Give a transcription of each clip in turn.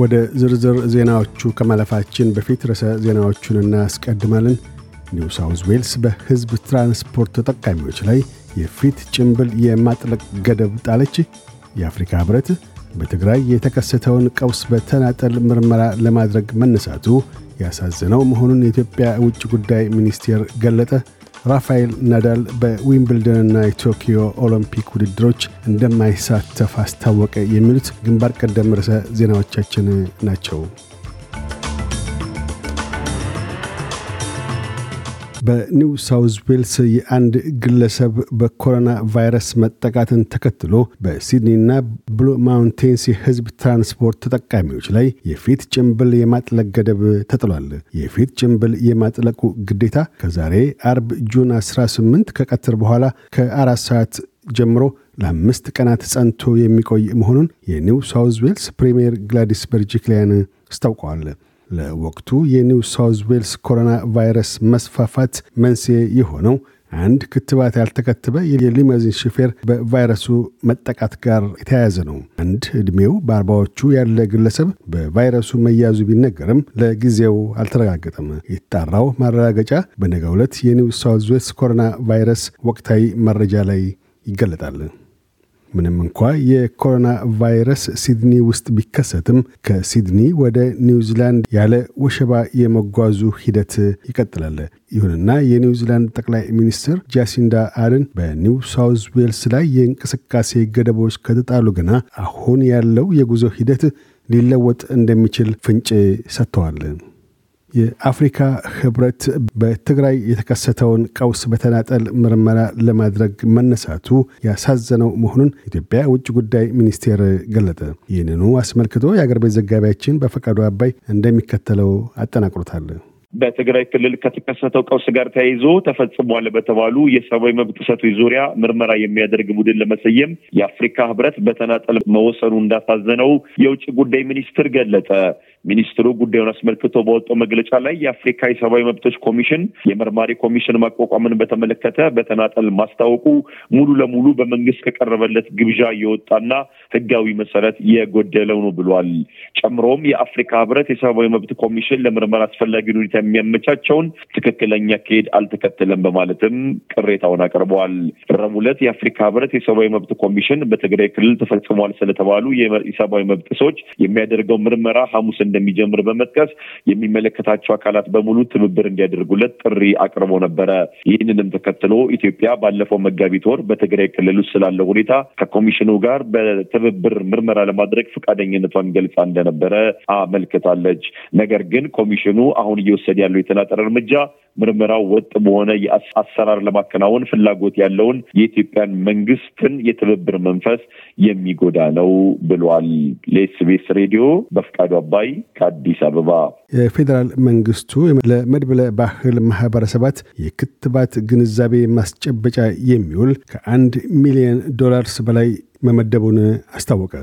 ወደ ዝርዝር ዜናዎቹ ከማለፋችን በፊት ርዕሰ ዜናዎቹን እናስቀድማለን። ኒው ሳውዝ ዌልስ በሕዝብ ትራንስፖርት ተጠቃሚዎች ላይ የፊት ጭንብል የማጥለቅ ገደብ ጣለች። የአፍሪካ ኅብረት በትግራይ የተከሰተውን ቀውስ በተናጠል ምርመራ ለማድረግ መነሳቱ ያሳዘነው መሆኑን የኢትዮጵያ ውጭ ጉዳይ ሚኒስቴር ገለጠ። ራፋኤል ናዳል በዊምብልደንና የቶኪዮ ኦሎምፒክ ውድድሮች እንደማይሳተፍ አስታወቀ። የሚሉት ግንባር ቀደም ርዕሰ ዜናዎቻችን ናቸው። በኒው ሳውዝ ዌልስ የአንድ ግለሰብ በኮሮና ቫይረስ መጠቃትን ተከትሎ በሲድኒና ብሉ ማውንቴንስ የህዝብ ትራንስፖርት ተጠቃሚዎች ላይ የፊት ጭንብል የማጥለቅ ገደብ ተጥሏል። የፊት ጭንብል የማጥለቁ ግዴታ ከዛሬ አርብ ጁን 18 ከቀትር በኋላ ከአራት ሰዓት ጀምሮ ለአምስት ቀናት ጸንቶ የሚቆይ መሆኑን የኒው ሳውዝ ዌልስ ፕሪምየር ግላዲስ በርጂክሊያን አስታውቀዋል። ለወቅቱ የኒው ሳውዝ ዌልስ ኮሮና ቫይረስ መስፋፋት መንስኤ የሆነው አንድ ክትባት ያልተከተበ የሊመዚን ሹፌር በቫይረሱ መጠቃት ጋር የተያያዘ ነው። አንድ ዕድሜው በአርባዎቹ ያለ ግለሰብ በቫይረሱ መያዙ ቢነገርም ለጊዜው አልተረጋገጠም። የተጣራው ማረጋገጫ በነገ ሁለት የኒው ሳውዝ ዌልስ ኮሮና ቫይረስ ወቅታዊ መረጃ ላይ ይገለጣል። ምንም እንኳ የኮሮና ቫይረስ ሲድኒ ውስጥ ቢከሰትም ከሲድኒ ወደ ኒውዚላንድ ያለ ወሸባ የመጓዙ ሂደት ይቀጥላል። ይሁንና የኒውዚላንድ ጠቅላይ ሚኒስትር ጃሲንዳ አርን በኒው ሳውዝ ዌልስ ላይ የእንቅስቃሴ ገደቦች ከተጣሉ ገና አሁን ያለው የጉዞ ሂደት ሊለወጥ እንደሚችል ፍንጭ ሰጥተዋል። የአፍሪካ ህብረት በትግራይ የተከሰተውን ቀውስ በተናጠል ምርመራ ለማድረግ መነሳቱ ያሳዘነው መሆኑን ኢትዮጵያ ውጭ ጉዳይ ሚኒስቴር ገለጠ። ይህንኑ አስመልክቶ የአገር ቤት ዘጋቢያችን በፈቃዱ አባይ እንደሚከተለው አጠናቅሮታል። በትግራይ ክልል ከተከሰተው ቀውስ ጋር ተያይዞ ተፈጽሟል በተባሉ የሰብአዊ መብት ጥሰቶች ዙሪያ ምርመራ የሚያደርግ ቡድን ለመሰየም የአፍሪካ ህብረት በተናጠል መወሰኑ እንዳሳዘነው የውጭ ጉዳይ ሚኒስትር ገለጠ ሚኒስትሩ ጉዳዩን አስመልክቶ በወጣው መግለጫ ላይ የአፍሪካ የሰብአዊ መብቶች ኮሚሽን የመርማሪ ኮሚሽን ማቋቋምን በተመለከተ በተናጠል ማስታወቁ ሙሉ ለሙሉ በመንግስት ከቀረበለት ግብዣ የወጣና ህጋዊ መሰረት የጎደለው ነው ብሏል። ጨምሮም የአፍሪካ ህብረት የሰብአዊ መብት ኮሚሽን ለምርመራ አስፈላጊውን ሁኔታ የሚያመቻቸውን ትክክለኛ አካሄድ አልተከተለም በማለትም ቅሬታውን አቅርበዋል። ረቡዕ ዕለት የአፍሪካ ህብረት የሰብአዊ መብት ኮሚሽን በትግራይ ክልል ተፈጽሟል ስለተባሉ የሰብአዊ መብት ጥሰቶች የሚያደርገው ምርመራ ሐሙስ እንደሚጀምር በመጥቀስ የሚመለከታቸው አካላት በሙሉ ትብብር እንዲያደርጉለት ጥሪ አቅርቦ ነበረ። ይህንንም ተከትሎ ኢትዮጵያ ባለፈው መጋቢት ወር በትግራይ ክልል ውስጥ ስላለው ሁኔታ ከኮሚሽኑ ጋር በትብብር ምርመራ ለማድረግ ፈቃደኝነቷን ገልጻ እንደነበረ አመልክታለች። ነገር ግን ኮሚሽኑ አሁን እየወሰደ እየተወሰደ ያለው የተናጠረ እርምጃ ምርመራው ወጥ በሆነ አሰራር ለማከናወን ፍላጎት ያለውን የኢትዮጵያን መንግስትን የትብብር መንፈስ የሚጎዳ ነው ብሏል። ለኤስቢኤስ ሬዲዮ በፍቃዱ አባይ ከአዲስ አበባ። የፌዴራል መንግስቱ ለመድብለ ባህል ማህበረሰባት የክትባት ግንዛቤ ማስጨበጫ የሚውል ከአንድ ሚሊዮን ዶላርስ በላይ መመደቡን አስታወቀ።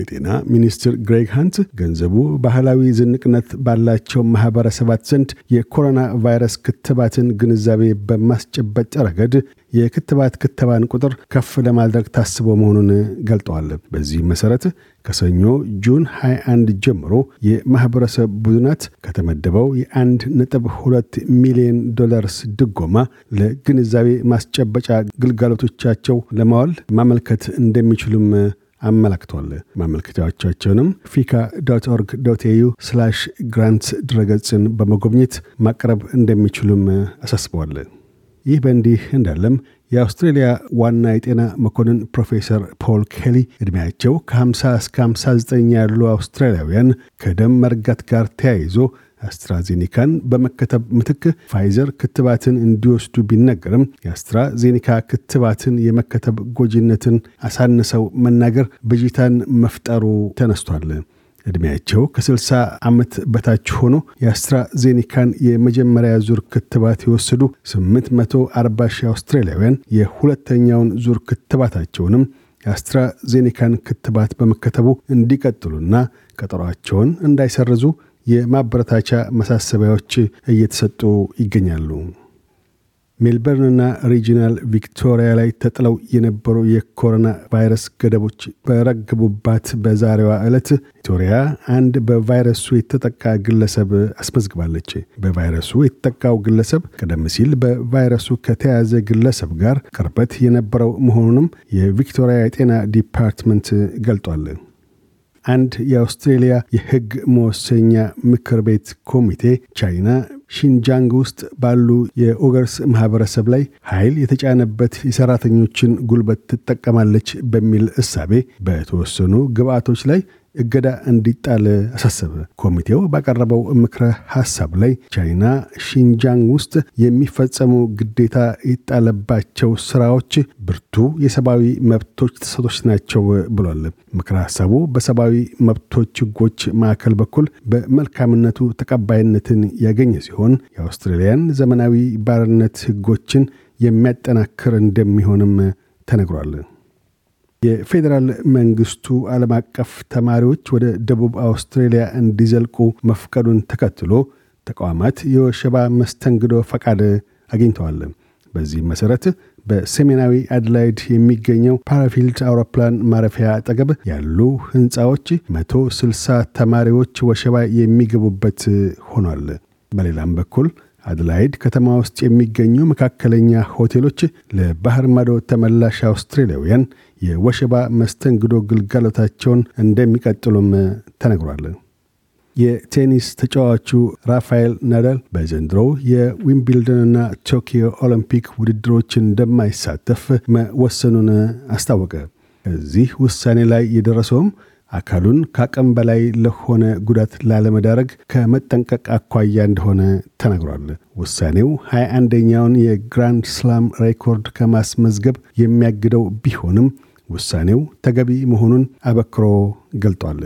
የጤና ሚኒስትር ግሬግ ሃንት ገንዘቡ ባህላዊ ዝንቅነት ባላቸው ማህበረሰባት ዘንድ የኮሮና ቫይረስ ክትባትን ግንዛቤ በማስጨበጥ ረገድ የክትባት ክትባን ቁጥር ከፍ ለማድረግ ታስቦ መሆኑን ገልጠዋል። በዚህ መሠረት ከሰኞ ጁን 21 ጀምሮ የማኅበረሰብ ቡድናት ከተመደበው የአንድ ነጥብ ሁለት ሚሊዮን ዶላርስ ድጎማ ለግንዛቤ ማስጨበጫ ግልጋሎቶቻቸው ለማዋል ማመልከት እንደሚችሉም አመላክቷል። ማመልከቻዎቻቸውንም ፊካ ዶት ኦርግ ዶት ኤዩ ስላሽ ግራንት ድረገጽን በመጎብኘት ማቅረብ እንደሚችሉም አሳስበዋል። ይህ በእንዲህ እንዳለም የአውስትሬልያ ዋና የጤና መኮንን ፕሮፌሰር ፖል ኬሊ ዕድሜያቸው ከ50 እስከ 59 ያሉ አውስትራሊያውያን ከደም መርጋት ጋር ተያይዞ አስትራዜኒካን በመከተብ ምትክ ፋይዘር ክትባትን እንዲወስዱ ቢነገርም የአስትራዜኒካ ክትባትን የመከተብ ጎጂነትን አሳንሰው መናገር ብዥታን መፍጠሩ ተነስቷል። ዕድሜያቸው ከ60 ዓመት በታች ሆኖ የአስትራዜኒካን የመጀመሪያ ዙር ክትባት የወሰዱ 840 አውስትራሊያውያን የሁለተኛውን ዙር ክትባታቸውንም የአስትራዜኒካን ክትባት በመከተቡ እንዲቀጥሉና ቀጠሯቸውን እንዳይሰርዙ የማበረታቻ መሳሰቢያዎች እየተሰጡ ይገኛሉ። ሜልበርንና ሪጂናል ቪክቶሪያ ላይ ተጥለው የነበሩ የኮሮና ቫይረስ ገደቦች በረግቡባት በዛሬዋ ዕለት ቪክቶሪያ አንድ በቫይረሱ የተጠቃ ግለሰብ አስመዝግባለች። በቫይረሱ የተጠቃው ግለሰብ ቀደም ሲል በቫይረሱ ከተያዘ ግለሰብ ጋር ቅርበት የነበረው መሆኑንም የቪክቶሪያ የጤና ዲፓርትመንት ገልጧል። አንድ የአውስትሬሊያ የህግ መወሰኛ ምክር ቤት ኮሚቴ ቻይና ሺንጃንግ ውስጥ ባሉ የኦገርስ ማህበረሰብ ላይ ኃይል የተጫነበት የሰራተኞችን ጉልበት ትጠቀማለች በሚል እሳቤ በተወሰኑ ግብአቶች ላይ እገዳ እንዲጣል አሳሰበ። ኮሚቴው ባቀረበው ምክረ ሀሳብ ላይ ቻይና ሺንጃንግ ውስጥ የሚፈጸሙ ግዴታ የጣለባቸው ስራዎች ብርቱ የሰብአዊ መብቶች ጥሰቶች ናቸው ብሏል። ምክረ ሐሳቡ በሰብአዊ መብቶች ህጎች ማዕከል በኩል በመልካምነቱ ተቀባይነትን ያገኘ ሲሆን የአውስትራሊያን ዘመናዊ ባርነት ህጎችን የሚያጠናክር እንደሚሆንም ተነግሯል። የፌዴራል መንግስቱ ዓለም አቀፍ ተማሪዎች ወደ ደቡብ አውስትሬልያ እንዲዘልቁ መፍቀዱን ተከትሎ ተቋማት የወሸባ መስተንግዶ ፈቃድ አግኝተዋል። በዚህም መሠረት በሰሜናዊ አድላይድ የሚገኘው ፓራፊልድ አውሮፕላን ማረፊያ አጠገብ ያሉ ሕንፃዎች 160 ተማሪዎች ወሸባ የሚገቡበት ሆኗል። በሌላም በኩል አድላይድ ከተማ ውስጥ የሚገኙ መካከለኛ ሆቴሎች ለባህር ማዶ ተመላሽ አውስትራሊያውያን የወሸባ መስተንግዶ ግልጋሎታቸውን እንደሚቀጥሉም ተነግሯል። የቴኒስ ተጫዋቹ ራፋኤል ነደል በዘንድሮው የዊምብልደንና ቶኪዮ ኦሎምፒክ ውድድሮች እንደማይሳተፍ መወሰኑን አስታወቀ። እዚህ ውሳኔ ላይ የደረሰውም አካሉን ከአቅም በላይ ለሆነ ጉዳት ላለመዳረግ ከመጠንቀቅ አኳያ እንደሆነ ተነግሯል። ውሳኔው 21ኛውን የግራንድ ስላም ሬኮርድ ከማስመዝገብ የሚያግደው ቢሆንም ውሳኔው ተገቢ መሆኑን አበክሮ ገልጧል።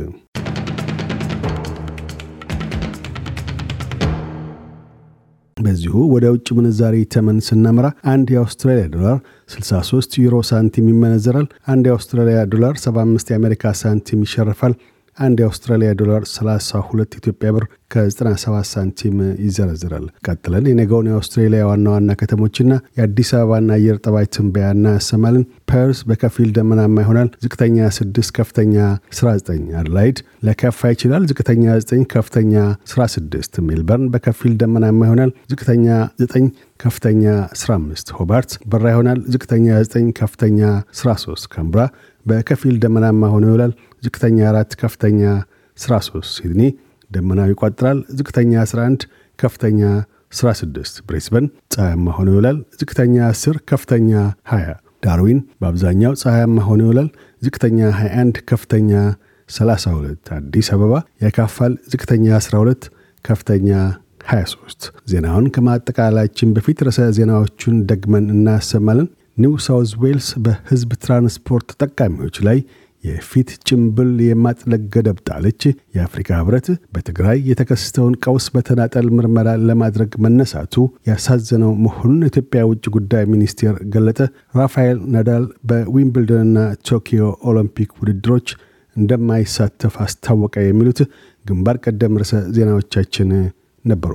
በዚሁ ወደ ውጭ ምንዛሪ ተመን ስናመራ አንድ የአውስትራሊያ ዶላር 63 ዩሮ ሳንቲም ይመነዘራል። አንድ የአውስትራሊያ ዶላር 75 የአሜሪካ ሳንቲም ይሸርፋል። አንድ የአውስትራሊያ ዶላር 32 ኢትዮጵያ ብር ከ97 ሳንቲም ይዘረዝራል። ቀጥለን የነገውን የአውስትሬሊያ ዋና ዋና ከተሞችና የአዲስ አበባና አየር ጠባይ ትንበያ እናሰማልን። ፐርስ በከፊል ደመናማ ይሆናል። ዝቅተኛ 6 ከፍተኛ 19። አድላይድ ለከፋ ይችላል። ዝቅተኛ 9 ከፍተኛ 16። ሜልበርን በከፊል ደመናማ ይሆናል። ዝቅተኛ 9 ከፍተኛ 15። ሆባርት ብራ ይሆናል። ዝቅተኛ 9 ከፍተኛ 13። ከምብራ በከፊል ደመናማ ሆኖ ይውላል። ዝቅተኛ 4 ከፍተኛ 13 ሲድኒ ደመናዊ ይቋጥራል። ዝቅተኛ 11 ከፍተኛ 16 ብሬስበን ፀሐያማ ሆኖ ይውላል። ዝቅተኛ 10 ከፍተኛ 20 ዳርዊን በአብዛኛው ፀሐያማ ሆኖ ይውላል። ዝቅተኛ 21 ከፍተኛ 32 አዲስ አበባ ያካፋል። ዝቅተኛ 12 ከፍተኛ 23 ዜናውን ከማጠቃላያችን በፊት ርዕሰ ዜናዎቹን ደግመን እናሰማለን። ኒው ሳውዝ ዌልስ በህዝብ ትራንስፖርት ተጠቃሚዎች ላይ የፊት ጭምብል የማጥለቅ ገደብ ጣለች። የአፍሪካ ህብረት በትግራይ የተከስተውን ቀውስ በተናጠል ምርመራ ለማድረግ መነሳቱ ያሳዘነው መሆኑን የኢትዮጵያ ውጭ ጉዳይ ሚኒስቴር ገለጠ። ራፋኤል ናዳል በዊምብልደንና ቶኪዮ ኦሎምፒክ ውድድሮች እንደማይሳተፍ አስታወቀ። የሚሉት ግንባር ቀደም ርዕሰ ዜናዎቻችን ነበሩ።